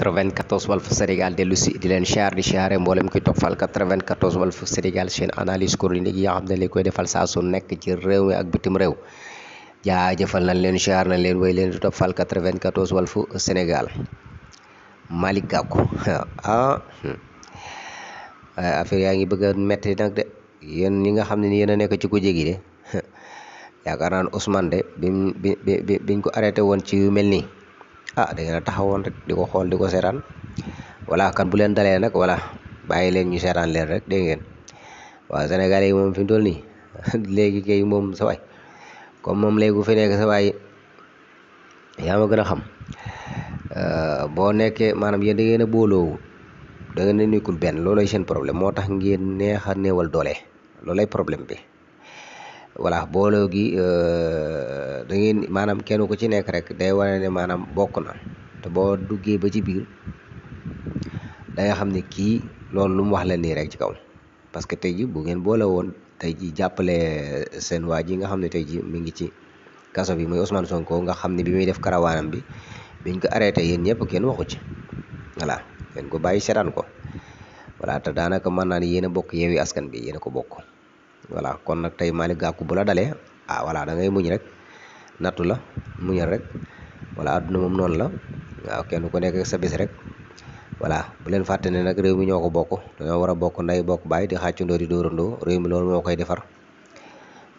94 Walf Sénégal dellu si di leen siyaar di siyaare mboolem kuy toppal 94 Walf Sénégal seen analyse chronique yi nga xam ne li koy defal saa nekk ci réew mi ak bitim réew jaajëfal nañ leen siyaar nañ leen way leen di toppal 94 Walf Sénégal Malick Gakou ah hmm. yaa ngi bëgg a nag de yéen ñi nga xam ne ni yéen a nekk ci ko gi de yaakaar naa ne Ousmane de bi bi biñ ko arrêté woon ci yu mel nii a ah, da ngeen a taxawoon rek di ko xool di ko seetaan voilà kan bu leen dalee nag voilà bàyyi leen ñu seetaan leen rek dégg ngeen waaw Sénégalais yi moom fi mu nii léegi kay moom sa waay comme moom léegi bu fi nekk sa waay yaa ma gën a xam euh, boo nekkee maanaam yéen da ngeen a booloowu danga nga nekkul benn loolooy seen problème moo tax ngeen neex a néewal doole loolay problème bi voilà booloo gi euh, da ngeen maanaam kenn ku ci nekk rek day wane ne maanaam bokk na te boo duggee ba ci biir da xam ne kii loolu lu mu wax la nii rek ci kaw parce que tey ji bu ngeen boole woon tey ji jàppale seen waa ji nga xam ne tey ji mi ngi ci kaso bi muy Ousmane Sonko nga xam ne bi muy def karawaanam bi biñ ko arrêté yéen ñëpp kenn waxu ci voilà. ngeen ko bàyyi seetaan ko voilà te daanaka mën naa ne yéen a bokk yeewi askan bi yéen ko bokk voilà kon nag tey Malick Gakou bu la dalee ah voilà da ngay muñ rek nattu la muñal rek voilà adduna moom noonu la waaw kenn ku nekk sa bis rek voilà bu leen fàtte nag réew mi ñoo ko bokk dañoo bokk nday bokk bàyyi di xàccundoo di dóorandoo réew mi loolu moo koy defar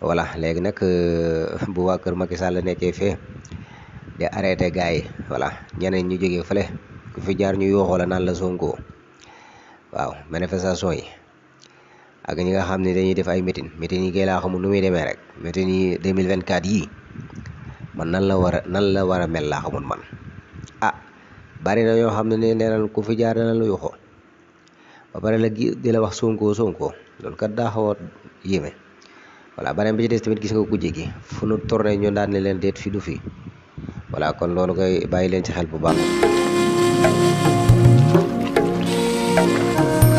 wala léegi nag euh, bu waa kër Macky Sall nekkee fee di arrêté gars yi voilà ñeneen ñu jógee fële. ku fi jaar ñu yooxoo la naan la Sonko waaw manifestation yi ak ñi nga xam ne dañuy def ay meeting meeting yi kay laa xamul nu muy demee rek meeting yi 2024 yii man nan la war a nan la war a mel laa xamul man ah bari na ñoo xam ne nee nañ ku fi jaar na la yooxoo ba pare la di la wax Sonko sonkoo loolu kat daa xaw a yéeme voilà beneen bi ci des tamit gis nga kujje gi fu nu tourné ñu daan leen déet fi du fi voilà kon loolu koy bàyyi leen ci xel bu baax. Thank you.